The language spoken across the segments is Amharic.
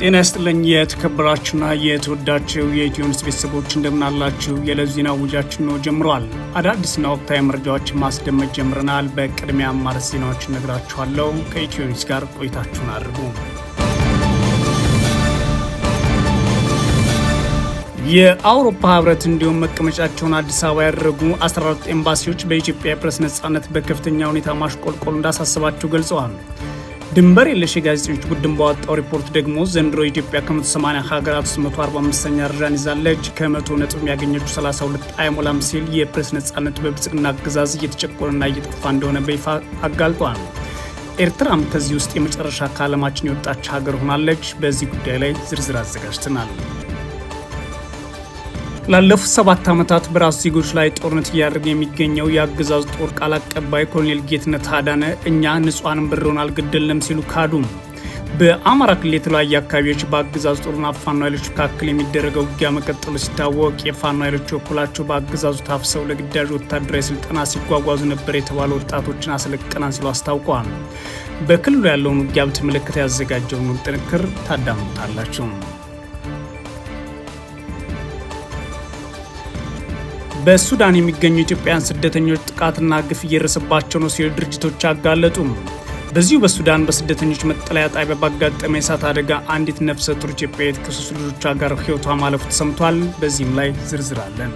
ጤና ይስጥልኝ የተከበራችሁና የተወዳችሁ የኢትዮ ኒውስ ቤተሰቦች እንደምናላችሁ። የዕለቱ ዜና ውጃችን ነው ጀምሯል። አዳዲስና ወቅታዊ መረጃዎች ማስደመጥ ጀምረናል። በቅድሚያ አማርስ ዜናዎች እነግራችኋለሁ። ከኢትዮ ጋር ቆይታችሁን አድርጉ። የአውሮፓ ህብረት እንዲሁም መቀመጫቸውን አዲስ አበባ ያደረጉ 14 ኤምባሲዎች በኢትዮጵያ የፕሬስ ነጻነት በከፍተኛ ሁኔታ ማሽቆልቆል እንዳሳሰባቸው ገልጸዋል። ድንበር የለሽ የጋዜጠኞች ቡድን ባወጣው ሪፖርት ደግሞ ዘንድሮ ኢትዮጵያ ከ180 ሀገራት 145ኛ ደረጃን ይዛለች። ከመቶ ነጥብ ያገኘችው 32 አይሞላም ሲል የፕሬስ ነጻነት በብልጽግና አገዛዝ እየተጨቆነና እየጠፋ እንደሆነ በይፋ አጋልጧል። ኤርትራም ከዚህ ውስጥ የመጨረሻ ከዓለማችን የወጣች ሀገር ሆናለች። በዚህ ጉዳይ ላይ ዝርዝር አዘጋጅተናል። ላለፉት ሰባት ዓመታት በራሱ ዜጎች ላይ ጦርነት እያደረገ የሚገኘው የአገዛዝ ጦር ቃል አቀባይ ኮሎኔል ጌትነት አዳነ እኛ ንጹሐንን ብሮን አልገደልንም ሲሉ ካዱ። በአማራ ክልል የተለያዩ አካባቢዎች በአገዛዝ ጦርና ፋኖ ኃይሎች መካከል የሚደረገው ውጊያ መቀጠሉ ሲታወቅ የፋኖ ኃይሎች ወኩላቸው በአገዛዙ ታፍሰው ለግዳጅ ወታደራዊ ስልጠና ሲጓጓዙ ነበር የተባሉ ወጣቶችን አስለቅቀናል ሲሉ አስታውቀዋል። በክልሉ ያለውን ውጊያ በተመለከተ ያዘጋጀውን ጥንክር ታዳምጣላቸው። በሱዳን የሚገኙ ኢትዮጵያውያን ስደተኞች ጥቃትና ግፍ እየደረሰባቸው ነው ሲሉ ድርጅቶች አጋለጡ። በዚሁ በሱዳን በስደተኞች መጠለያ ጣቢያ ባጋጠመ የእሳት አደጋ አንዲት ነፍሰ ጡር ኢትዮጵያዊት ከሶስት ልጆቿ ጋር ሕይወቷ ማለፉ ተሰምቷል። በዚህም ላይ ዝርዝር አለን።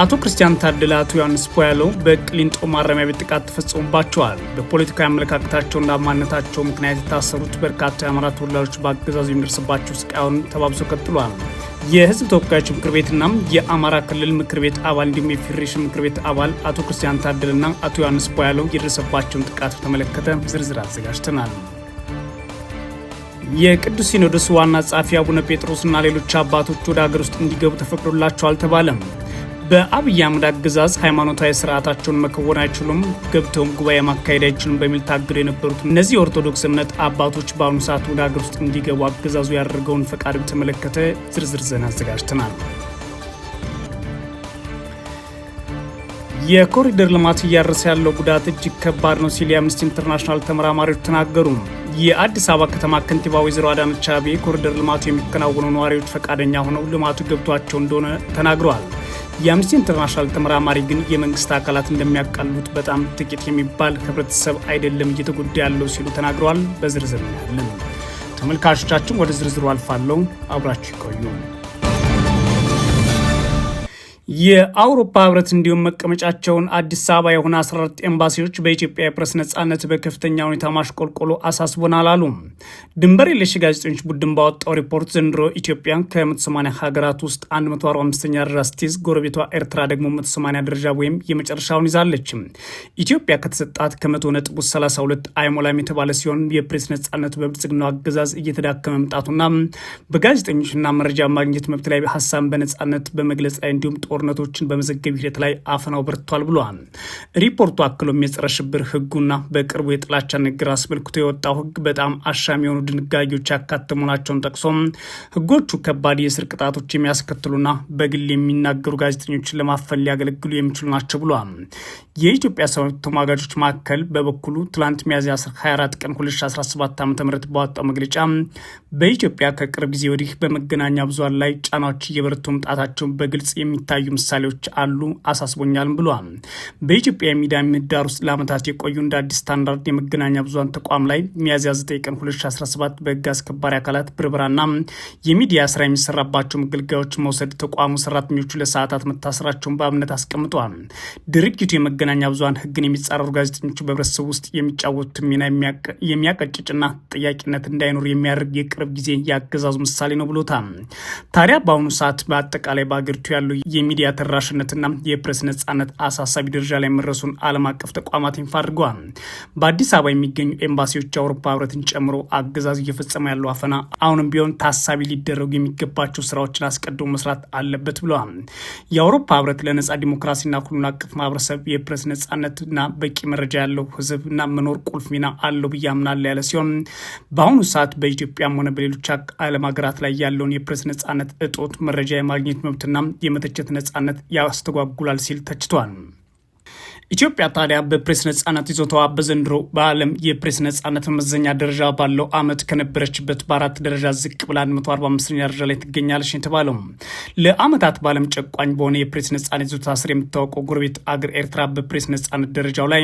አቶ ክርስቲያን ታደለ፣ አቶ ዮሐንስ ፖያለው በቅሊንጦ ማረሚያ ቤት ጥቃት ተፈጽሞባቸዋል። በፖለቲካዊ አመለካከታቸውና ማንነታቸው ምክንያት የታሰሩት በርካታ የአማራ ተወላጆች በአገዛዙ የሚደርስባቸው ስቃዩን ተባብሶ ቀጥሏል። የህዝብ ተወካዮች ምክር ቤትና የአማራ ክልል ምክር ቤት አባል እንዲሁም የፌዴሬሽን ምክር ቤት አባል አቶ ክርስቲያን ታደለና አቶ ዮሐንስ ፖያለው የደረሰባቸውን ጥቃት በተመለከተ ዝርዝር አዘጋጅተናል። የቅዱስ ሲኖዶስ ዋና ጸሐፊ አቡነ ጴጥሮስና ሌሎች አባቶች ወደ ሀገር ውስጥ እንዲገቡ ተፈቅዶላቸው አልተባለም። በአብይ አህመድ አገዛዝ ሃይማኖታዊ ስርዓታቸውን መከወን አይችሉም፣ ገብተውም ጉባኤ ማካሄድ አይችሉም በሚል ታግደው የነበሩት እነዚህ የኦርቶዶክስ እምነት አባቶች በአሁኑ ሰዓት ወደ ሀገር ውስጥ እንዲገቡ አገዛዙ ያደረገውን ፈቃድ በተመለከተ ዝርዝር ዜና አዘጋጅተናል። የኮሪደር ልማት እያረሰ ያለው ጉዳት እጅግ ከባድ ነው ሲል የአምነስቲ ኢንተርናሽናል ተመራማሪዎች ተናገሩ። የአዲስ አበባ ከተማ ከንቲባ ወይዘሮ አዳነች አቤቤ ኮሪደር ልማቱ የሚከናወኑ ነዋሪዎች ፈቃደኛ ሆነው ልማቱ ገብቷቸው እንደሆነ ተናግረዋል። የአምነስቲ ኢንተርናሽናል ተመራማሪ ግን የመንግስት አካላት እንደሚያቃሉት በጣም ጥቂት የሚባል ህብረተሰብ አይደለም እየተጎዳ ያለው ሲሉ ተናግረዋል። በዝርዝር እናያለን። ተመልካቾቻችን ወደ ዝርዝሩ አልፋለሁ። አብራችሁ ይቆዩ። የአውሮፓ ህብረት እንዲሁም መቀመጫቸውን አዲስ አበባ የሆነ 14 ኤምባሲዎች በኢትዮጵያ የፕሬስ ነጻነት በከፍተኛ ሁኔታ ማሽቆልቆሎ አሳስቦናል አሉ። ድንበር የለሽ ጋዜጠኞች ቡድን ባወጣው ሪፖርት ዘንድሮ ኢትዮጵያ ከ180 ሀገራት ውስጥ 145ኛ ደረጃ ስትይዝ፣ ጎረቤቷ ኤርትራ ደግሞ 180 ደረጃ ወይም የመጨረሻውን ይዛለች። ኢትዮጵያ ከተሰጣት ከ100 32 አይሞላም የተባለ ሲሆን የፕሬስ ነጻነት በብልጽግናው አገዛዝ እየተዳከመ መምጣቱና በጋዜጠኞችና መረጃ ማግኘት መብት ላይ ሀሳብን በነጻነት በመግለጽ ላይ እንዲሁም ጦርነቶችን በመዘገብ ሂደት ላይ አፈናው በርቷል ብሏል። ሪፖርቱ አክሎም የጸረ ሽብር ህጉና በቅርቡ የጥላቻ ንግግር አስመልክቶ የወጣው ህግ በጣም አሻሚ የሆኑ ድንጋጌዎች ያካተሙ ናቸውን ጠቅሶ ህጎቹ ከባድ የእስር ቅጣቶች የሚያስከትሉና በግል የሚናገሩ ጋዜጠኞችን ለማፈን ሊያገለግሉ የሚችሉ ናቸው ብሏል። የኢትዮጵያ ሰብዓዊ ተሟጋቾች ማዕከል በበኩሉ ትላንት ሚያዝያ 24 ቀን 2017 ዓ ም ባወጣው መግለጫ በኢትዮጵያ ከቅርብ ጊዜ ወዲህ በመገናኛ ብዙሃን ላይ ጫናዎች እየበረቱ መምጣታቸውን በግልጽ የሚታዩ ምሳሌዎች አሉ አሳስቦኛልም ብሏል። በኢትዮጵያ የሚዲያ ምህዳር ውስጥ ለዓመታት የቆዩ እንደ አዲስ ስታንዳርድ የመገናኛ ብዙሃን ተቋም ላይ ሚያዝያ 9 ቀን 2017 በህግ አስከባሪ አካላት ብርበራና የሚዲያ ስራ የሚሰራባቸው መገልገያዎች መውሰድ ተቋሙ ሰራተኞቹ ለሰዓታት መታሰራቸውን በአብነት አስቀምጧል። ድርጅቱ የመገናኛ ብዙሃን ህግን የሚጻረሩ ጋዜጠኞቹ በህብረተሰቡ ውስጥ የሚጫወቱት ሚና የሚያቀጭጭና ጥያቄነት እንዳይኖር የሚያደርግ የቅርብ ጊዜ የአገዛዙ ምሳሌ ነው ብሎታል። ታዲያ በአሁኑ ሰዓት በአጠቃላይ በአገሪቱ ያለው የሚዲያ ተደራሽነትና የፕሬስ ነጻነት አሳሳቢ ደረጃ ላይ መድረሱን ዓለም አቀፍ ተቋማት ይፋ አድርገዋል። በአዲስ አበባ የሚገኙ ኤምባሲዎች የአውሮፓ ህብረትን ጨምሮ አገዛዙ እየፈጸመ ያለው አፈና አሁንም ቢሆን ታሳቢ ሊደረጉ የሚገባቸው ስራዎችን አስቀድሞ መስራት አለበት ብለዋል። የአውሮፓ ህብረት ለነጻ ዲሞክራሲና ሁሉን አቀፍ ማህበረሰብ የፕሬስ ነጻነትና በቂ መረጃ ያለው ህዝብና መኖር ቁልፍ ሚና አለው ብዬ አምናለሁ ያለ ሲሆን በአሁኑ ሰዓት በኢትዮጵያም ሆነ ሆነ በሌሎች ዓለም ሀገራት ላይ ያለውን የፕሬስ ነጻነት እጦት መረጃ የማግኘት መብትና የመተቸት ነጻነት ያስተጓጉላል ሲል ተችቷል። ኢትዮጵያ ታዲያ በፕሬስ ነጻነት ይዞታዋ በዘንድሮ በዓለም የፕሬስ ነጻነት መመዘኛ ደረጃ ባለው አመት ከነበረችበት በአራት ደረጃ ዝቅ ብላ 145ኛ ደረጃ ላይ ትገኛለች የተባለው ለአመታት በዓለም ጨቋኝ በሆነ የፕሬስ ነጻነት ይዞታ ስር የምታወቀው ጎረቤት አገር ኤርትራ በፕሬስ ነጻነት ደረጃው ላይ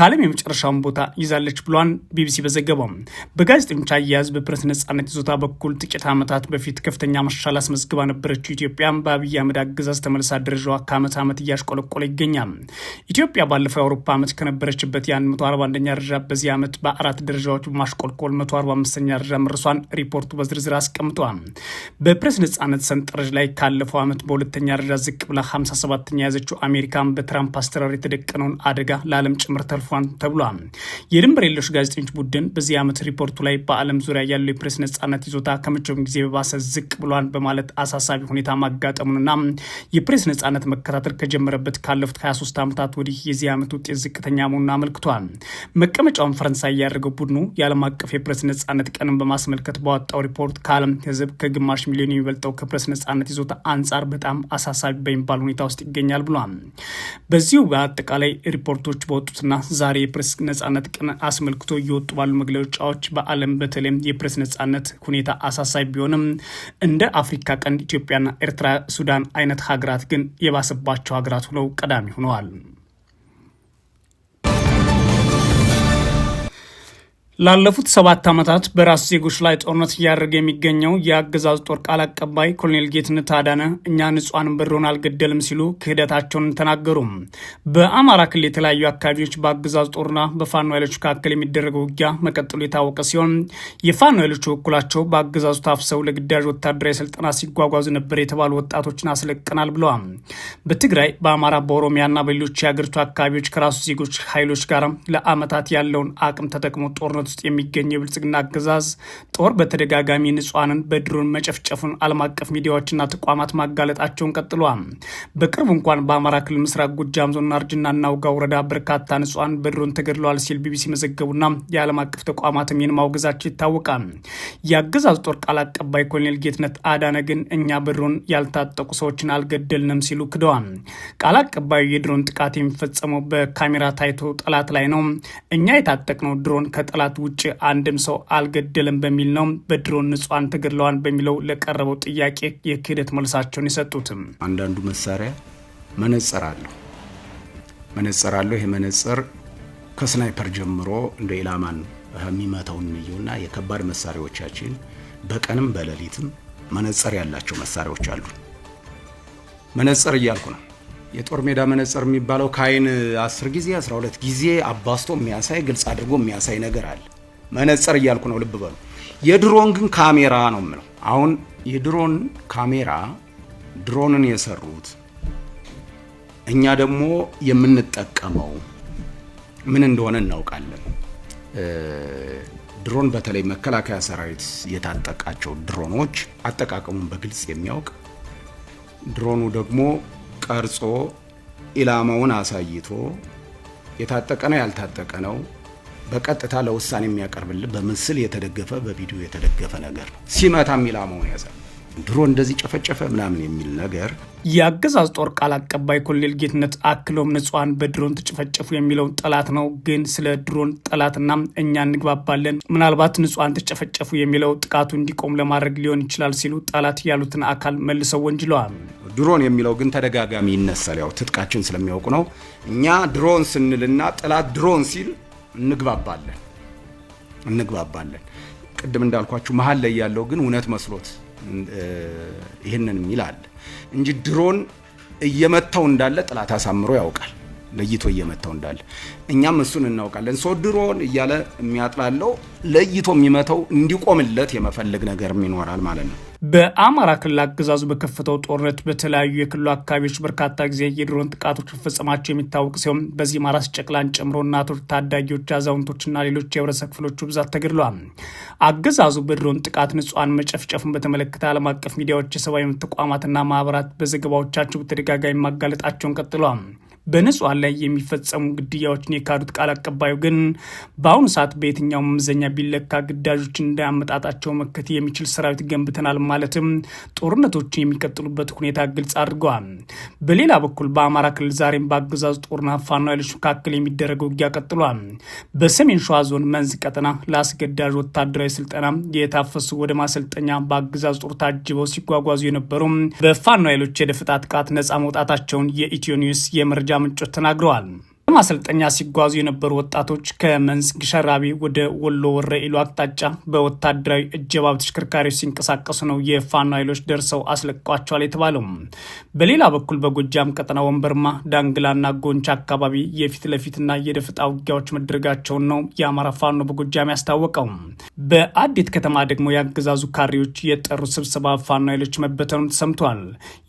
ከዓለም የመጨረሻውን ቦታ ይዛለች ብሏን ቢቢሲ በዘገበው በጋዜጠኞች አያያዝ በፕሬስ ነጻነት ይዞታ በኩል ጥቂት ዓመታት በፊት ከፍተኛ መሻሻል አስመዝግባ ነበረችው ኢትዮጵያ በአብይ አህመድ አገዛዝ ተመልሳ ደረጃዋ ከአመት ዓመት እያሽቆለቆለ ይገኛል። ኢትዮጵያ ባለፈው የአውሮፓ ዓመት ከነበረችበት የ 141ኛ ደረጃ በዚህ ዓመት በአራት ደረጃዎች በማሽቆልቆል 145ኛ ደረጃ መርሷን ሪፖርቱ በዝርዝር አስቀምጠዋል። በፕሬስ ነጻነት ሰንጠረዥ ላይ ካለፈው ዓመት በሁለተኛ ደረጃ ዝቅ ብላ 57ኛ የያዘችው አሜሪካን በትራምፕ አስተራር የተደቀነውን አደጋ ለዓለም ጭምር ተርፏን ተብሏል። የድንበር የለሽ ጋዜጠኞች ቡድን በዚህ ዓመት ሪፖርቱ ላይ በዓለም ዙሪያ ያለው የፕሬስ ነጻነት ይዞታ ከመቼውም ጊዜ በባሰ ዝቅ ብሏል በማለት አሳሳቢ ሁኔታ ማጋጠሙንና የፕሬስ ነጻነት መከታተል ከጀመረበት ካለፉት 23 ዓመታት ወዲህ የዚህ ዓመት ውጤት ዝቅተኛ መሆኑን አመልክቷል። መቀመጫውን ፈረንሳይ ያደረገው ቡድኑ የዓለም አቀፍ የፕሬስ ነጻነት ቀንን በማስመልከት በወጣው ሪፖርት ከዓለም ህዝብ ከግማሽ ሚሊዮን የሚበልጠው ከፕሬስ ነጻነት ይዞታ አንጻር በጣም አሳሳቢ በሚባል ሁኔታ ውስጥ ይገኛል ብሏል። በዚሁ በአጠቃላይ ሪፖርቶች በወጡትና ዛሬ የፕሬስ ነጻነት ቀን አስመልክቶ እየወጡ ባሉ መግለጫዎች በዓለም በተለይም የፕሬስ ነጻነት ሁኔታ አሳሳቢ ቢሆንም እንደ አፍሪካ ቀንድ ኢትዮጵያና ኤርትራ፣ ሱዳን አይነት ሀገራት ግን የባሰባቸው ሀገራት ሆነው ቀዳሚ ሆነዋል። ላለፉት ሰባት ዓመታት በራስ ዜጎች ላይ ጦርነት እያደረገ የሚገኘው የአገዛዝ ጦር ቃል አቀባይ ኮሎኔል ጌትነት አዳነ እኛ ንጹሐን ብሮን አልገደልም ሲሉ ክህደታቸውን ተናገሩም። በአማራ ክልል የተለያዩ አካባቢዎች በአገዛዝ ጦርና በፋኖ ኃይሎች መካከል የሚደረገው ውጊያ መቀጠሉ የታወቀ ሲሆን የፋኖ ኃይሎች በኩላቸው በአገዛዙ ታፍሰው ለግዳጅ ወታደራዊ ስልጠና ሲጓጓዙ ነበር የተባሉ ወጣቶችን አስለቅቀናል ብለዋል። በትግራይ በአማራ፣ በኦሮሚያና በሌሎች የአገሪቱ አካባቢዎች ከራሱ ዜጎች ኃይሎች ጋር ለአመታት ያለውን አቅም ተጠቅሞ ጦርነት ጦርነት ውስጥ የሚገኝ የብልጽግና አገዛዝ ጦር በተደጋጋሚ ንጹሐንን በድሮን መጨፍጨፉን ዓለም አቀፍ ሚዲያዎችና ተቋማት ማጋለጣቸውን ቀጥሏል። በቅርቡ እንኳን በአማራ ክልል ምስራቅ ጎጃም ዞን አርጅና እናውጋ ወረዳ በርካታ ንጹሐን በድሮን ተገድለዋል ሲል ቢቢሲ መዘገቡና የዓለም አቀፍ ተቋማትም ይህን ማውገዛቸው ይታወቃል። የአገዛዝ ጦር ቃል አቀባይ ኮሎኔል ጌትነት አዳነ ግን እኛ በድሮን ያልታጠቁ ሰዎችን አልገደልንም ሲሉ ክደዋል። ቃል አቀባዩ የድሮን ጥቃት የሚፈጸመው በካሜራ ታይቶ ጠላት ላይ ነው። እኛ የታጠቅነው ድሮን ከጠላት ከህወሓት ውጭ አንድም ሰው አልገደለም በሚል ነው በድሮን ንጹሐን ተገድለዋል በሚለው ለቀረበው ጥያቄ የክህደት መልሳቸውን የሰጡትም አንዳንዱ መሳሪያ መነጽር አለሁ መነጽር አለሁ ይሄ መነጽር ከስናይፐር ጀምሮ እንደ ኢላማን የሚመታውን እንየውና የከባድ መሳሪያዎቻችን በቀንም በሌሊትም መነጽር ያላቸው መሳሪያዎች አሉ። መነጽር እያልኩ ነው። የጦር ሜዳ መነጽር የሚባለው ከአይን 10 ጊዜ 12 ጊዜ አባስቶ የሚያሳይ ግልጽ አድርጎ የሚያሳይ ነገር አለ። መነጽር እያልኩ ነው፣ ልብ በሉ። የድሮን ግን ካሜራ ነው የምለው። አሁን የድሮን ካሜራ ድሮንን የሰሩት እኛ ደግሞ የምንጠቀመው ምን እንደሆነ እናውቃለን። ድሮን በተለይ መከላከያ ሰራዊት የታጠቃቸው ድሮኖች አጠቃቀሙን በግልጽ የሚያውቅ ድሮኑ ደግሞ ቀርጾ ኢላማውን አሳይቶ የታጠቀ ነው ያልታጠቀ ነው በቀጥታ ለውሳኔ የሚያቀርብልን በምስል የተደገፈ በቪዲዮ የተደገፈ ነገር ነው። ሲመታም ኢላማውን ያሳያል። ድሮ እንደዚህ ጨፈጨፈ ምናምን የሚል ነገር የአገዛዝ ጦር ቃል አቀባይ ኮሎኔል ጌትነት አክሎም ንጹሐን በድሮን ተጨፈጨፉ የሚለውን ጠላት ነው፣ ግን ስለ ድሮን ጠላትና እኛ እንግባባለን። ምናልባት ንጹሐን ተጨፈጨፉ የሚለው ጥቃቱ እንዲቆም ለማድረግ ሊሆን ይችላል ሲሉ ጠላት ያሉትን አካል መልሰው ወንጅለዋል። ድሮን የሚለው ግን ተደጋጋሚ ይነሳል። ያው ትጥቃችን ስለሚያውቁ ነው። እኛ ድሮን ስንልና ጠላት ድሮን ሲል እንግባባለን እንግባባለን። ቅድም እንዳልኳችሁ መሀል ላይ ያለው ግን እውነት መስሎት ይህንን የሚል አለ እንጂ ድሮን እየመታው እንዳለ ጠላት አሳምሮ ያውቃል፣ ለይቶ እየመታው እንዳለ እኛም እሱን እናውቃለን። ሰው ድሮን እያለ የሚያጥላለው ለይቶ የሚመታው እንዲቆምለት የመፈለግ ነገርም ይኖራል ማለት ነው። በአማራ ክልል አገዛዙ በከፈተው ጦርነት በተለያዩ የክልሉ አካባቢዎች በርካታ ጊዜ የድሮን ጥቃቶች መፈጸማቸው የሚታወቅ ሲሆን በዚህ ማራስ ጨቅላን ጨምሮ እናቶች፣ ታዳጊዎች፣ አዛውንቶችና ሌሎች የህብረተሰብ ክፍሎቹ ብዛት ተገድለዋል። አገዛዙ በድሮን ጥቃት ንጹሐን መጨፍጨፉን በተመለከተ ዓለም አቀፍ ሚዲያዎች፣ የሰብአዊ መብት ተቋማትና ማህበራት በዘገባዎቻቸው በተደጋጋሚ ማጋለጣቸውን ቀጥለዋል። በንጹሐን ላይ የሚፈጸሙ ግድያዎችን የካዱት ቃል አቀባዩ ግን በአሁኑ ሰዓት በየትኛው መመዘኛ ቢለካ ግዳጆችን እንዳያመጣጣቸው መከት የሚችል ሰራዊት ገንብተናል ማለትም ጦርነቶችን የሚቀጥሉበት ሁኔታ ግልጽ አድርገዋል። በሌላ በኩል በአማራ ክልል ዛሬም በአገዛዙ ጦርና ፋኖ ኃይሎች መካከል የሚደረገው ውጊያ ቀጥሏል። በሰሜን ሸዋ ዞን መንዝ ቀጠና ለአስገዳጅ ወታደራዊ ስልጠና የታፈሱ ወደ ማሰልጠኛ በአገዛዝ ጦር ታጅበው ሲጓጓዙ የነበሩ በፋኖ ኃይሎች የደፈጣ ጥቃት ነጻ መውጣታቸውን የኢትዮ ኒውስ የመረጃ ምንጮች ተናግረዋል። ለማሰልጠኛ ሲጓዙ የነበሩ ወጣቶች ከመንዝ ግሸራቢ ወደ ወሎ ወረ አቅጣጫ በወታደራዊ እጀባብ ተሽከርካሪዎች ሲንቀሳቀሱ ነው የፋኖ ኃይሎች ደርሰው አስለቀዋቸዋል የተባለው። በሌላ በኩል በጎጃም ቀጠና ወንበርማ፣ ዳንግላና ጎንቻ አካባቢ የፊት ለፊትና የደፈጣ ውጊያዎች መደረጋቸውን ነው የአማራ ፋኖ በጎጃም ያስታወቀው። በአዴት ከተማ ደግሞ የአገዛዙ ካሬዎች የጠሩ ስብሰባ ፋኖ ኃይሎች መበተኑም ተሰምቷል።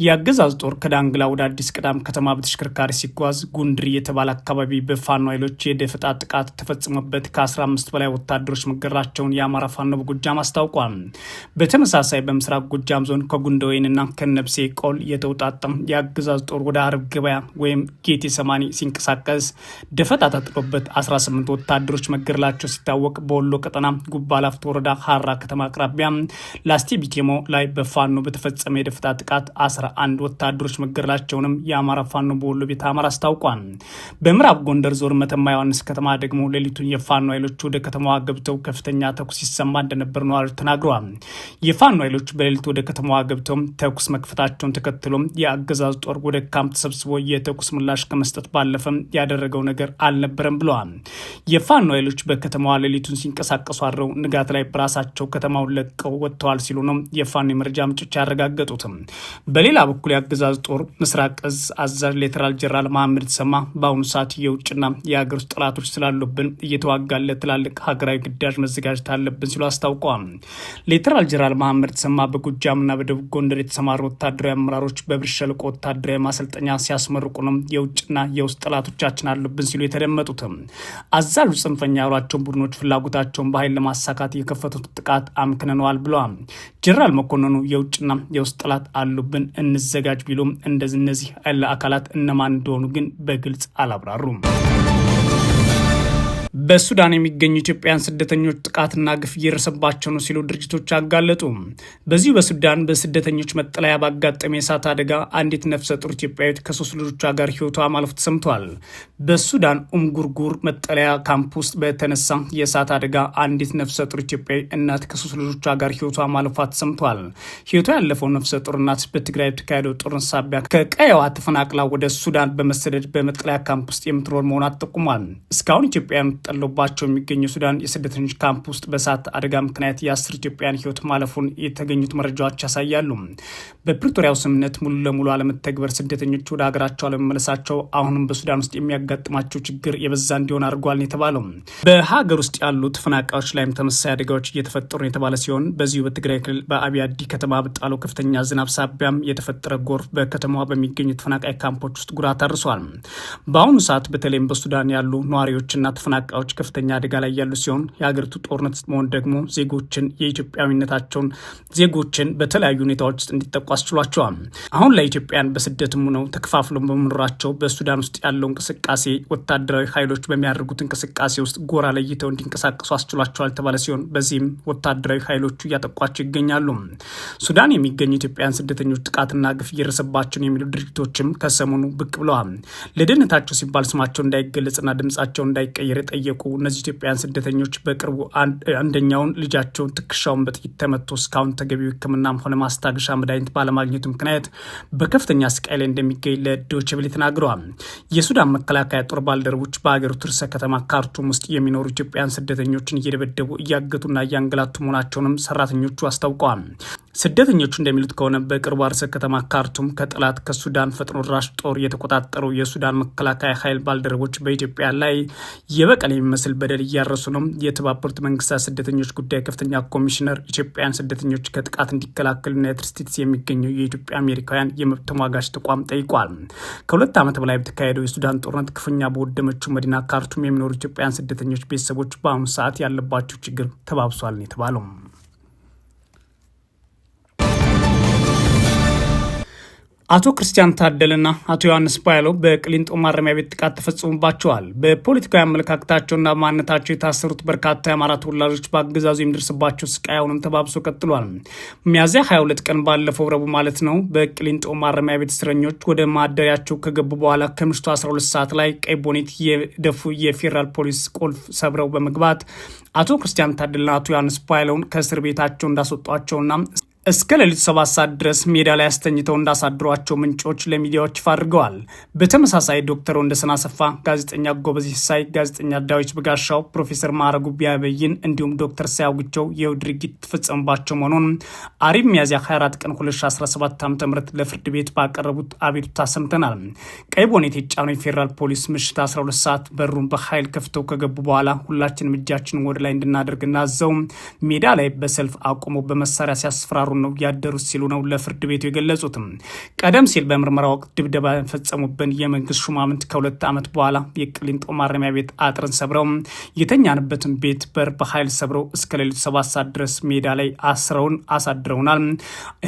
የአገዛዙ ጦር ከዳንግላ ወደ አዲስ ቅዳም ከተማ በተሽከርካሪ ሲጓዝ ጉንድሪ የተባለ አካባቢ በፋኖ ኃይሎች የደፈጣ ጥቃት ተፈጽሞበት ከ15 በላይ ወታደሮች መገራቸውን የአማራ ፋኖ በጎጃም አስታውቋል። በተመሳሳይ በምስራቅ ጎጃም ዞን ከጉንደወይንና ከነብሴ ቆል የተውጣጠም የአገዛዝ ጦር ወደ አረብ ገበያ ወይም ጌቴ ሰማኒ ሲንቀሳቀስ ደፈጣ ተጥሎበት 18 ወታደሮች መገደላቸው ሲታወቅ በወሎ ቀጠና ጉባ ላፍቶ ወረዳ ሀራ ከተማ አቅራቢያ ላስቲ ቢኬሞ ላይ በፋኖ በተፈጸመ የደፈጣ ጥቃት 11 ወታደሮች መገደላቸውንም የአማራ ፋኖ በወሎ ቤት አማራ አስታውቋል። በምዕራብ ጎንደር ዞር መተማ ዮሐንስ ከተማ ደግሞ ሌሊቱን የፋኖ ኃይሎች ወደ ከተማዋ ገብተው ከፍተኛ ተኩስ ይሰማ እንደነበር ነዋሪዎች ተናግረዋል። የፋኖ ኃይሎች በሌሊቱ ወደ ከተማዋ ገብተው ተኩስ መክፈታቸውን ተከትሎም የአገዛዝ ጦር ወደ ካምፕ ተሰብስቦ የተኩስ ምላሽ ከመስጠት ባለፈ ያደረገው ነገር አልነበረም ብለዋል። የፋኖ ኃይሎች በከተማዋ ሌሊቱን ሲንቀሳቀሱ አድረው ንጋት ላይ በራሳቸው ከተማውን ለቀው ወጥተዋል ሲሉ ነው የፋኖ የመረጃ ምንጮች ያረጋገጡትም። በሌላ በኩል የአገዛዝ ጦር ምስራቅ እዝ አዛዥ ሌተናል ጀነራል መሐመድ ተሰማ በአሁኑ ሰዓት ሰባት የውጭና የሀገር ውስጥ ጠላቶች ስላሉብን እየተዋጋለ ትላልቅ ሀገራዊ ግዳጅ መዘጋጀት አለብን ሲሉ አስታውቀዋል። ሌተናል ጀነራል መሐመድ ተሰማ በጎጃምና በደቡብ ጎንደር የተሰማሩ ወታደራዊ አመራሮች በብር ሸለቆ ወታደራዊ ማሰልጠኛ ሲያስመርቁ ነው የውጭና የውስጥ ጠላቶቻችን አሉብን ሲሉ የተደመጡትም አዛዡ ጽንፈኛ ያሏቸውን ቡድኖች ፍላጎታቸውን በኃይል ለማሳካት የከፈቱት ጥቃት አምክነነዋል ብለዋል። ጀነራል መኮንኑ የውጭና የውስጥ ጠላት አሉብን እንዘጋጅ ቢሉም እንደዚህ ያለ አካላት እነማን እንደሆኑ ግን በግልጽ አላብራሩ room. በሱዳን የሚገኙ ኢትዮጵያውያን ስደተኞች ጥቃትና ግፍ እየደረሰባቸው ነው ሲሉ ድርጅቶች አጋለጡ። በዚሁ በሱዳን በስደተኞች መጠለያ ባጋጠመ የእሳት አደጋ አንዲት ነፍሰ ጡር ኢትዮጵያዊት ከሶስት ልጆቿ ጋር ህይወቷ ማለፉ ተሰምቷል። በሱዳን ኡምጉርጉር መጠለያ ካምፕ ውስጥ በተነሳ የእሳት አደጋ አንዲት ነፍሰ ጡር ኢትዮጵያዊ እናት ከሶስት ልጆቿ ጋር ህይወቷ ማለፏ ተሰምቷል። ህይወቷ ያለፈው ነፍሰ ጡር እናት በትግራይ የተካሄደው ጦርነት ሳቢያ ከቀየዋ ተፈናቅላ ወደ ሱዳን በመሰደድ በመጠለያ ካምፕ ውስጥ የምትኖር መሆኗ ተጠቁሟል። እስካሁን ኢትዮጵያ ጠሎባቸው የሚገኙ ሱዳን የስደተኞች ካምፕ ውስጥ በእሳት አደጋ ምክንያት የአስር ኢትዮጵያን ህይወት ማለፉን የተገኙት መረጃዎች ያሳያሉ። በፕሪቶሪያው ስምምነት ሙሉ ለሙሉ አለመተግበር ስደተኞች ወደ ሀገራቸው አለመመለሳቸው አሁንም በሱዳን ውስጥ የሚያጋጥማቸው ችግር የበዛ እንዲሆን አድርጓል የተባለው በሀገር ውስጥ ያሉ ተፈናቃዮች ላይም ተመሳሳይ አደጋዎች እየተፈጠሩ የተባለ ሲሆን በዚሁ በትግራይ ክልል በአብያዲ ከተማ በጣለው ከፍተኛ ዝናብ ሳቢያም የተፈጠረ ጎርፍ በከተማዋ በሚገኙ ተፈናቃይ ካምፖች ውስጥ ጉዳት አድርሷል። በአሁኑ ሰዓት በተለይም በሱዳን ያሉ ነዋሪዎችና ተፈናቃዮች ሻለቃዎች ከፍተኛ አደጋ ላይ ያሉ ሲሆን የሀገሪቱ ጦርነት መሆን ደግሞ ዜጎችን የኢትዮጵያዊነታቸውን ዜጎችን በተለያዩ ሁኔታዎች ውስጥ እንዲጠቁ አስችሏቸዋል። አሁን ላይ ኢትዮጵያን በስደትም ነው ተከፋፍለው በመኖራቸው በሱዳን ውስጥ ያለው እንቅስቃሴ ወታደራዊ ኃይሎች በሚያደርጉት እንቅስቃሴ ውስጥ ጎራ ለይተው እንዲንቀሳቀሱ አስችሏቸዋል ተባለ ሲሆን በዚህም ወታደራዊ ኃይሎቹ እያጠቋቸው ይገኛሉ። ሱዳን የሚገኙ ኢትዮጵያን ስደተኞች ጥቃትና ግፍ እየደረሰባቸውን የሚሉ ድርጊቶችም ከሰሞኑ ብቅ ብለዋል። ለደህንነታቸው ሲባል ስማቸው እንዳይገለጽና ድምጻቸው እንዳይቀየር ጠየቁ። እነዚህ ኢትዮጵያውያን ስደተኞች በቅርቡ አንደኛውን ልጃቸውን ትከሻውን በጥይት ተመቶ እስካሁን ተገቢው ሕክምናም ሆነ ማስታገሻ መድኃኒት ባለማግኘቱ ምክንያት በከፍተኛ ስቃይ ላይ እንደሚገኝ ለዶይቼ ቬለ ተናግረዋል። የሱዳን መከላከያ ጦር ባልደረቦች በሀገሪቱ ርዕሰ ከተማ ካርቱም ውስጥ የሚኖሩ ኢትዮጵያውያን ስደተኞችን እየደበደቡ እያገቱና እያንገላቱ መሆናቸውንም ሰራተኞቹ አስታውቀዋል። ስደተኞቹ እንደሚሉት ከሆነ በቅርቡ አርሰ ከተማ ካርቱም ከጠላት ከሱዳን ፈጥኖ ድራሽ ጦር የተቆጣጠሩ የሱዳን መከላከያ ኃይል ባልደረቦች በኢትዮጵያ ላይ የበቀ የተቀላቀለ የሚመስል በደል እያረሱ ነው። የተባበሩት መንግስታት ስደተኞች ጉዳይ ከፍተኛ ኮሚሽነር ኢትዮጵያውያን ስደተኞች ከጥቃት እንዲከላከሉ ዩናይትድ ስቴትስ የሚገኘው የኢትዮጵያ አሜሪካውያን የመብት ተሟጋች ተቋም ጠይቋል። ከሁለት ዓመት በላይ በተካሄደው የሱዳን ጦርነት ክፉኛ በወደመችው መዲና ካርቱም የሚኖሩ ኢትዮጵያውያን ስደተኞች ቤተሰቦች በአሁኑ ሰዓት ያለባቸው ችግር ተባብሷል ነው የተባለው። አቶ ክርስቲያን ታደልና አቶ ዮሐንስ ባያለው በቅሊንጦ ማረሚያ ቤት ጥቃት ተፈጽሙባቸዋል። በፖለቲካዊ አመለካከታቸውና ማንነታቸው የታሰሩት በርካታ የአማራ ተወላጆች በአገዛዙ የሚደርስባቸው ስቃይ አሁንም ተባብሶ ቀጥሏል። ሚያዝያ 22 ቀን ባለፈው ረቡዕ ማለት ነው በቅሊንጦ ማረሚያ ቤት እስረኞች ወደ ማደሪያቸው ከገቡ በኋላ ከምሽቱ 12 ሰዓት ላይ ቀይ ቦኔት የደፉ የፌዴራል ፖሊስ ቁልፍ ሰብረው በመግባት አቶ ክርስቲያን ታደልና አቶ ዮሐንስ ባያለውን ከእስር ቤታቸው እንዳስወጧቸውና እስከ ሌሊቱ ሰባት ሰዓት ድረስ ሜዳ ላይ አስተኝተው እንዳሳድሯቸው ምንጮች ለሚዲያዎች ይፋ አድርገዋል። በተመሳሳይ ዶክተር ወንደሰን አሰፋ፣ ጋዜጠኛ ጎበዝ ሲሳይ፣ ጋዜጠኛ ዳዊት በጋሻው፣ ፕሮፌሰር ማዕረጉ ቢያበይን እንዲሁም ዶክተር ሳያውግቸው ይኸው ድርጊት ተፈጸመባቸው መሆኑን አሪብ ሚያዝያ 24 ቀን 2017 ዓ ም ለፍርድ ቤት ባቀረቡት አቤቱታ ሰምተናል። ቀይ ቦኔት የጫኑ የፌዴራል ፖሊስ ምሽት 12 ሰዓት በሩን በኃይል ከፍተው ከገቡ በኋላ ሁላችንም እጃችን ወደ ላይ እንድናደርግ እናዘው ሜዳ ላይ በሰልፍ አቁመው በመሳሪያ ሲያስፈራሩ ሲያደርጉም ነው ያደሩት ሲሉ ነው ለፍርድ ቤቱ የገለጹት ቀደም ሲል በምርመራ ወቅት ድብደባ የፈጸሙብን የመንግስት ሹማምንት ከሁለት ዓመት በኋላ የቅሊንጦ ማረሚያ ቤት አጥርን ሰብረው የተኛንበትን ቤት በር በኃይል ሰብረው እስከ ሌሊቱ ሰባት ሰዓት ድረስ ሜዳ ላይ አስረውን አሳድረውናል።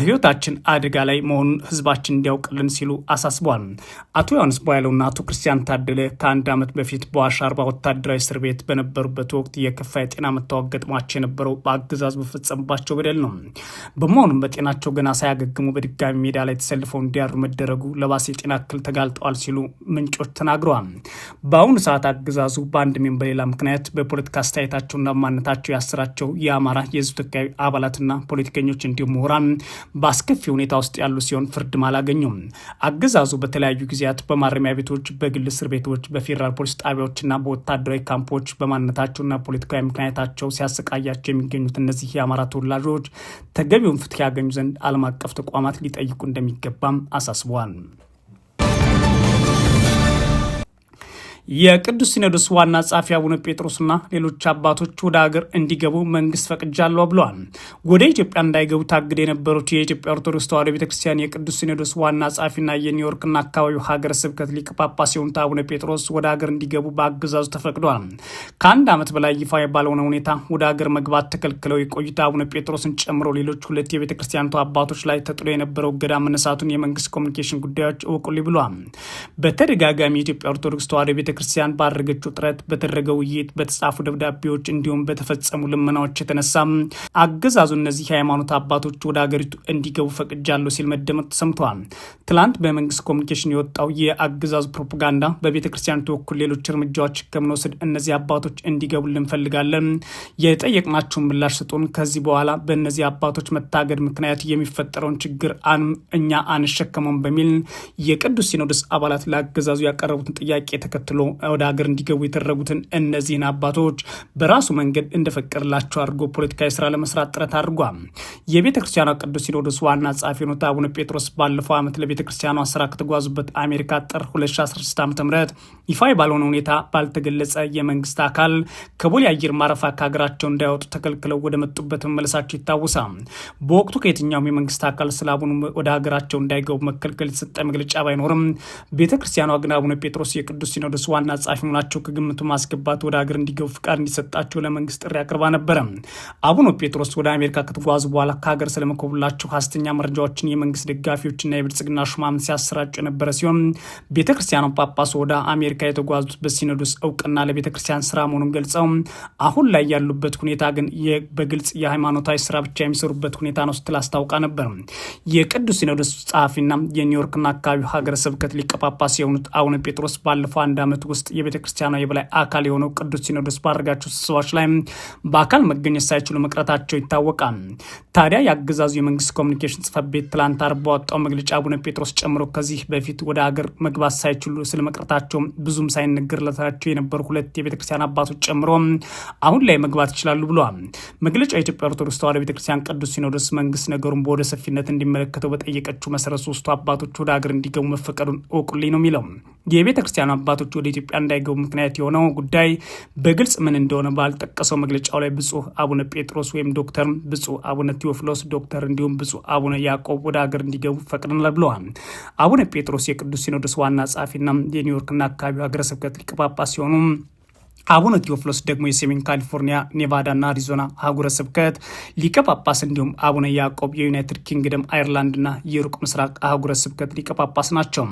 ህይወታችን አደጋ ላይ መሆኑን ህዝባችን እንዲያውቅልን ሲሉ አሳስበዋል። አቶ ዮሐንስ ቧያለውና አቶ ክርስቲያን ታደለ ከአንድ ዓመት በፊት በዋሻ አርባ ወታደራዊ እስር ቤት በነበሩበት ወቅት የከፋ የጤና መታወቅ ገጥሟቸው የነበረው በአገዛዝ በፈጸምባቸው በደል ነው። በመሆኑም በጤናቸው ገና ሳያገግሙ በድጋሚ ሜዳ ላይ ተሰልፈው እንዲያሩ መደረጉ ለባሰ የጤና እክል ተጋልጠዋል ሲሉ ምንጮች ተናግረዋል። በአሁኑ ሰዓት አገዛዙ በአንድም በሌላ ምክንያት በፖለቲካ አስተያየታቸውና ማንነታቸው ያስራቸው የአማራ የህዝብ ተወካይ አባላትና ፖለቲከኞች እንዲሁም ምሁራን በአስከፊ ሁኔታ ውስጥ ያሉ ሲሆን ፍርድም አላገኙም። አገዛዙ በተለያዩ ጊዜያት በማረሚያ ቤቶች፣ በግል እስር ቤቶች፣ በፌዴራል ፖሊስ ጣቢያዎችና በወታደራዊ ካምፖች በማንነታቸውና ፖለቲካዊ ምክንያታቸው ሲያሰቃያቸው የሚገኙት እነዚህ የአማራ ተወላጆች ተገቢውን ፍትህ ያገኙ ዘንድ ዓለም አቀፍ ተቋማት ሊጠይቁ እንደሚገባም አሳስበዋል። የቅዱስ ሲኖዶስ ዋና ጸሐፊ አቡነ ጴጥሮስና ሌሎች አባቶች ወደ ሀገር እንዲገቡ መንግስት ፈቅጃለሁ ብለዋል። ወደ ኢትዮጵያ እንዳይገቡ ታግደ የነበሩት የኢትዮጵያ ኦርቶዶክስ ተዋሕዶ ቤተክርስቲያን የቅዱስ ሲኖዶስ ዋና ጸሐፊና የኒውዮርክና አካባቢው ሀገረ ስብከት ሊቀ ጳጳስ የሆኑት አቡነ ጴጥሮስ ወደ ሀገር እንዲገቡ በአገዛዙ ተፈቅዷል። ከአንድ ዓመት በላይ ይፋ የባለሆነ ሁኔታ ወደ ሀገር መግባት ተከልክለው የቆዩት አቡነ ጴጥሮስን ጨምሮ ሌሎች ሁለት የቤተክርስቲያኒቱ አባቶች ላይ ተጥሎ የነበረው እገዳ መነሳቱን የመንግስት ኮሚኒኬሽን ጉዳዮች እውቁልኝ ብሏል። በተደጋጋሚ የኢትዮጵያ ኦርቶዶክስ ተዋሕዶ ክርስቲያን ባደረገችው ጥረት በተደረገ ውይይት በተጻፉ ደብዳቤዎች እንዲሁም በተፈጸሙ ልመናዎች የተነሳ አገዛዙ እነዚህ የሃይማኖት አባቶች ወደ ሀገሪቱ እንዲገቡ ፈቅጃለሁ ሲል መደመጡ ተሰምተዋል። ትላንት በመንግስት ኮሚኒኬሽን የወጣው የአገዛዙ ፕሮፓጋንዳ በቤተክርስቲያን በኩል ሌሎች እርምጃዎች ከምንወስድ እነዚህ አባቶች እንዲገቡ ልንፈልጋለን፣ የጠየቅናቸውን ምላሽ ስጡን፣ ከዚህ በኋላ በእነዚህ አባቶች መታገድ ምክንያት የሚፈጠረውን ችግር እኛ አንሸከመውም በሚል የቅዱስ ሲኖዶስ አባላት ለአገዛዙ ያቀረቡትን ጥያቄ ተከትሎ ተሸክመው ወደ ሀገር እንዲገቡ የተደረጉትን እነዚህን አባቶች በራሱ መንገድ እንደፈቀደላቸው አድርጎ ፖለቲካዊ ስራ ለመስራት ጥረት አድርጓል። የቤተ ክርስቲያኗ ቅዱስ ሲኖዶስ ዋና ጸሐፊ የሆኑት አቡነ ጴጥሮስ ባለፈው ዓመት ለቤተ ክርስቲያኗ ስራ ከተጓዙበት አሜሪካ ጥር 2016 ዓ ም ይፋ ባልሆነ ሁኔታ ባልተገለጸ የመንግስት አካል ከቦሌ አየር ማረፋ ከሀገራቸው እንዳይወጡ ተከልክለው ወደ መጡበት መመለሳቸው ይታወሳል። በወቅቱ ከየትኛውም የመንግስት አካል ስለ አቡኑ ወደ ሀገራቸው እንዳይገቡ መከልከል የተሰጠ መግለጫ ባይኖርም ቤተ ክርስቲያኗ ግን አቡነ ጴጥሮስ የቅዱስ ሲኖዶስ ዋና ጸሐፊ መሆናቸው ከግምቱ ማስገባት ወደ ሀገር እንዲገቡ ፍቃድ እንዲሰጣቸው ለመንግስት ጥሪ አቅርባ ነበረ። አቡነ ጴጥሮስ ወደ አሜሪካ ከተጓዙ በኋላ ከሀገር ስለመኮብላቸው ሀሰተኛ መረጃዎችን የመንግስት ደጋፊዎችና የብልጽግና ሹማምን ሲያሰራጩ የነበረ ሲሆን ቤተ ክርስቲያኑ ጳጳስ ወደ አሜሪካ የተጓዙት በሲኖዶስ እውቅና ለቤተ ክርስቲያን ስራ መሆኑን ገልጸው አሁን ላይ ያሉበት ሁኔታ ግን በግልጽ የሃይማኖታዊ ስራ ብቻ የሚሰሩበት ሁኔታ ነው ስትል አስታውቃ ነበር። የቅዱስ ሲኖዶስ ጸሐፊና የኒውዮርክና አካባቢው ሀገረ ስብከት ሊቀ ጳጳስ የሆኑት አቡነ ጴጥሮስ ባለፈው አንድ ዓመት በአንድነት ውስጥ የቤተ ክርስቲያኗ የበላይ አካል የሆነው ቅዱስ ሲኖዶስ ባደረጋቸው ስብሰባዎች ላይ በአካል መገኘት ሳይችሉ መቅረታቸው ይታወቃል። ታዲያ የአገዛዙ የመንግስት ኮሚኒኬሽን ጽፈት ቤት ትላንት አርብ ባወጣው መግለጫ አቡነ ጴጥሮስ ጨምሮ ከዚህ በፊት ወደ አገር መግባት ሳይችሉ ስለ መቅረታቸው ብዙም ሳይነገርላቸው የነበሩ ሁለት የቤተ ክርስቲያን አባቶች ጨምሮ አሁን ላይ መግባት ይችላሉ ብለዋል። መግለጫው የኢትዮጵያ ኦርቶዶክስ ተዋህዶ ቤተ ክርስቲያን ቅዱስ ሲኖዶስ መንግስት ነገሩን በወደ ሰፊነት እንዲመለከተው በጠየቀችው መሰረት ሶስቱ አባቶች ወደ አገር እንዲገቡ መፈቀዱን እውቁልኝ ነው የሚለው የቤተ ክርስቲያኑ አባቶች ወደ ኢትዮጵያ እንዳይገቡ ምክንያት የሆነው ጉዳይ በግልጽ ምን እንደሆነ ባልጠቀሰው መግለጫው ላይ ብፁዕ አቡነ ጴጥሮስ ወይም ዶክተር ብፁዕ አቡነ ቴዎፍሎስ ዶክተር እንዲሁም ብፁዕ አቡነ ያዕቆብ ወደ ሀገር እንዲገቡ ፈቅድናል ብለዋል። አቡነ ጴጥሮስ የቅዱስ ሲኖዶስ ዋና ጸሐፊና የኒውዮርክና አካባቢው ሀገረ ስብከት ሊቀ ጳጳስ ሲሆኑ አቡነ ቴዎፍሎስ ደግሞ የሰሜን ካሊፎርኒያ ኔቫዳና አሪዞና አህጉረ ስብከት ሊቀ ጳጳስ እንዲሁም አቡነ ያዕቆብ የዩናይትድ ኪንግደም አየርላንድና የሩቅ ምስራቅ አህጉረ ስብከት ሊቀ ጳጳስ ናቸው።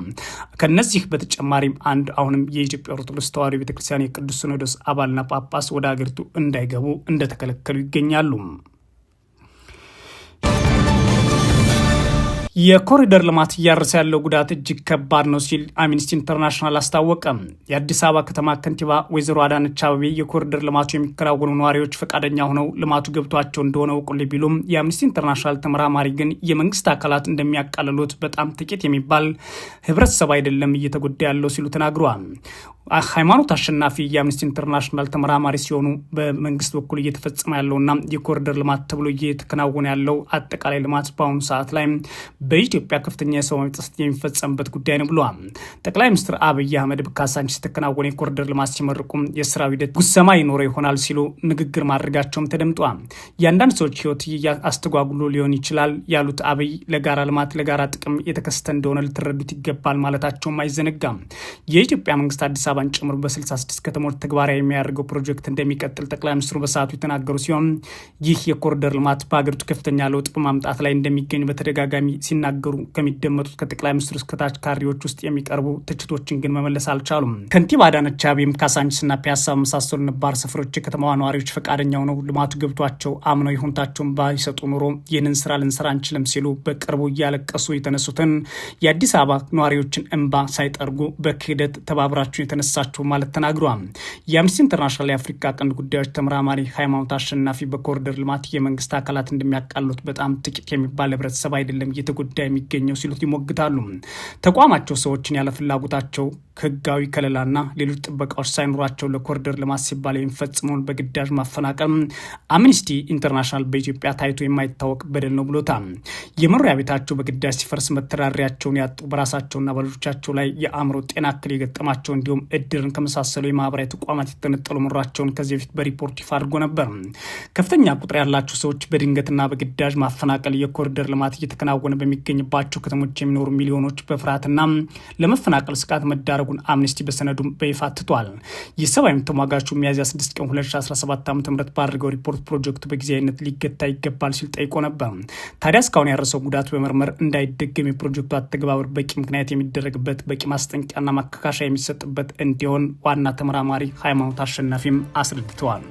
ከነዚህ በተጨማሪም አንድ አሁንም የኢትዮጵያ ኦርቶዶክስ ተዋሕዶ ቤተክርስቲያን የቅዱስ ሲኖዶስ አባልና ጳጳስ ወደ አገሪቱ እንዳይገቡ እንደተከለከሉ ይገኛሉ። የኮሪደር ልማት እያረሰ ያለው ጉዳት እጅግ ከባድ ነው ሲል አምነስቲ ኢንተርናሽናል አስታወቀም። የአዲስ አበባ ከተማ ከንቲባ ወይዘሮ አዳነች አበቤ የኮሪደር ልማቱ የሚከናወኑ ነዋሪዎች ፈቃደኛ ሆነው ልማቱ ገብቷቸው እንደሆነ ውቁል ቢሉም የአምነስቲ ኢንተርናሽናል ተመራማሪ ግን የመንግስት አካላት እንደሚያቃልሉት በጣም ጥቂት የሚባል ህብረተሰብ አይደለም እየተጎዳ ያለው ሲሉ ተናግረዋል። ሃይማኖት አሸናፊ የአምነስቲ ኢንተርናሽናል ተመራማሪ ሲሆኑ በመንግስት በኩል እየተፈጸመ ያለውና የኮሪደር ልማት ተብሎ እየተከናወነ ያለው አጠቃላይ ልማት በአሁኑ ሰዓት ላይ በኢትዮጵያ ከፍተኛ የሰው መብት ጥሰት የሚፈጸምበት ጉዳይ ነው ብለዋል። ጠቅላይ ሚኒስትር አብይ አህመድ በካዛንቺስ የተከናወነ የኮሪደር ልማት ሲመርቁም የስራው ሂደት ጉሰማ ይኖረ ይሆናል ሲሉ ንግግር ማድረጋቸውም ተደምጠዋል። የአንዳንድ ሰዎች ህይወት አስተጓጉሎ ሊሆን ይችላል ያሉት አብይ ለጋራ ልማት ለጋራ ጥቅም የተከሰተ እንደሆነ ልትረዱት ይገባል ማለታቸውም አይዘነጋም። የኢትዮጵያ መንግስት አዲስ አበባን ጨምሮ በ66 ከተሞች ተግባራዊ የሚያደርገው ፕሮጀክት እንደሚቀጥል ጠቅላይ ሚኒስትሩ በሰዓቱ የተናገሩ ሲሆን ይህ የኮሪደር ልማት በሀገሪቱ ከፍተኛ ለውጥ በማምጣት ላይ እንደሚገኙ በተደጋጋሚ ሲናገሩ ከሚደመጡት ከጠቅላይ ሚኒስትሩ እስከታች ካሪዎች ውስጥ የሚቀርቡ ትችቶችን ግን መመለስ አልቻሉም። ከንቲባ አዳነች አቤቤም ካሳንችስና ፒያሳ በመሳሰሉ ነባር ሰፈሮች የከተማዋ ነዋሪዎች ፈቃደኛው ነው ልማቱ ገብቷቸው አምነው ይሁንታቸውን ባይሰጡ ኑሮ ይህንን ስራ ልንስራ አንችልም ሲሉ በቅርቡ እያለቀሱ የተነሱትን የአዲስ አበባ ነዋሪዎችን እንባ ሳይጠርጉ በክህደት ተባብራችሁ የተነሳ ያስነሳቸው ማለት ተናግረዋል። የአምነስቲ ኢንተርናሽናል የአፍሪካ ቀንድ ጉዳዮች ተመራማሪ ሃይማኖት አሸናፊ በኮሪደር ልማት የመንግስት አካላት እንደሚያቃሉት በጣም ጥቂት የሚባል ህብረተሰብ አይደለም እየተጎዳ የሚገኘው ሲሉት ይሞግታሉ። ተቋማቸው ሰዎችን ያለፍላጎታቸው ህጋዊ ከለላና ሌሎች ጥበቃዎች ሳይኖሯቸው ለኮሪደር ልማት ሲባል የሚፈጽመውን በግዳጅ ማፈናቀል አምኒስቲ ኢንተርናሽናል በኢትዮጵያ ታይቶ የማይታወቅ በደል ነው ብሎታል። የመኖሪያ ቤታቸው በግዳጅ ሲፈርስ መተዳደሪያቸውን ያጡ በራሳቸውና በልጆቻቸው ላይ የአእምሮ ጤና እክል የገጠማቸው እንዲሁም እድርን ከመሳሰሉ የማህበራዊ ተቋማት የተነጠሉ መኖራቸውን ከዚህ በፊት በሪፖርት ይፋ አድርጎ ነበር። ከፍተኛ ቁጥር ያላቸው ሰዎች በድንገትና በግዳጅ ማፈናቀል፣ የኮሪደር ልማት እየተከናወነ በሚገኝባቸው ከተሞች የሚኖሩ ሚሊዮኖች በፍርሃትና ለመፈናቀል ስቃት መዳረጉን አምነስቲ በሰነዱ በይፋ ትቷል። የሰብአዊ መብት ተሟጋቹ ሚያዝያ 6 ቀን 2017 ዓ ም ባደረገው ሪፖርት ፕሮጀክቱ በጊዜያዊነት ሊገታ ይገባል ሲል ጠይቆ ነበር። ታዲያ እስካሁን ያደረሰው ጉዳት በመርመር እንዳይደገም የፕሮጀክቱ አተገባበር በቂ ምክንያት የሚደረግበት በቂ ማስጠንቂያና ማካካሻ የሚሰጥበት እንዲሆን ዋና ተመራማሪ ሃይማኖት አሸናፊም አስረድተዋል።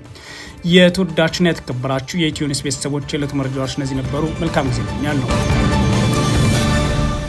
የተወዳችና የተከበራችሁ የኢትዮኒስ ቤተሰቦች የዕለቱ መረጃዎች እነዚህ ነበሩ። መልካም ጊዜ ነው።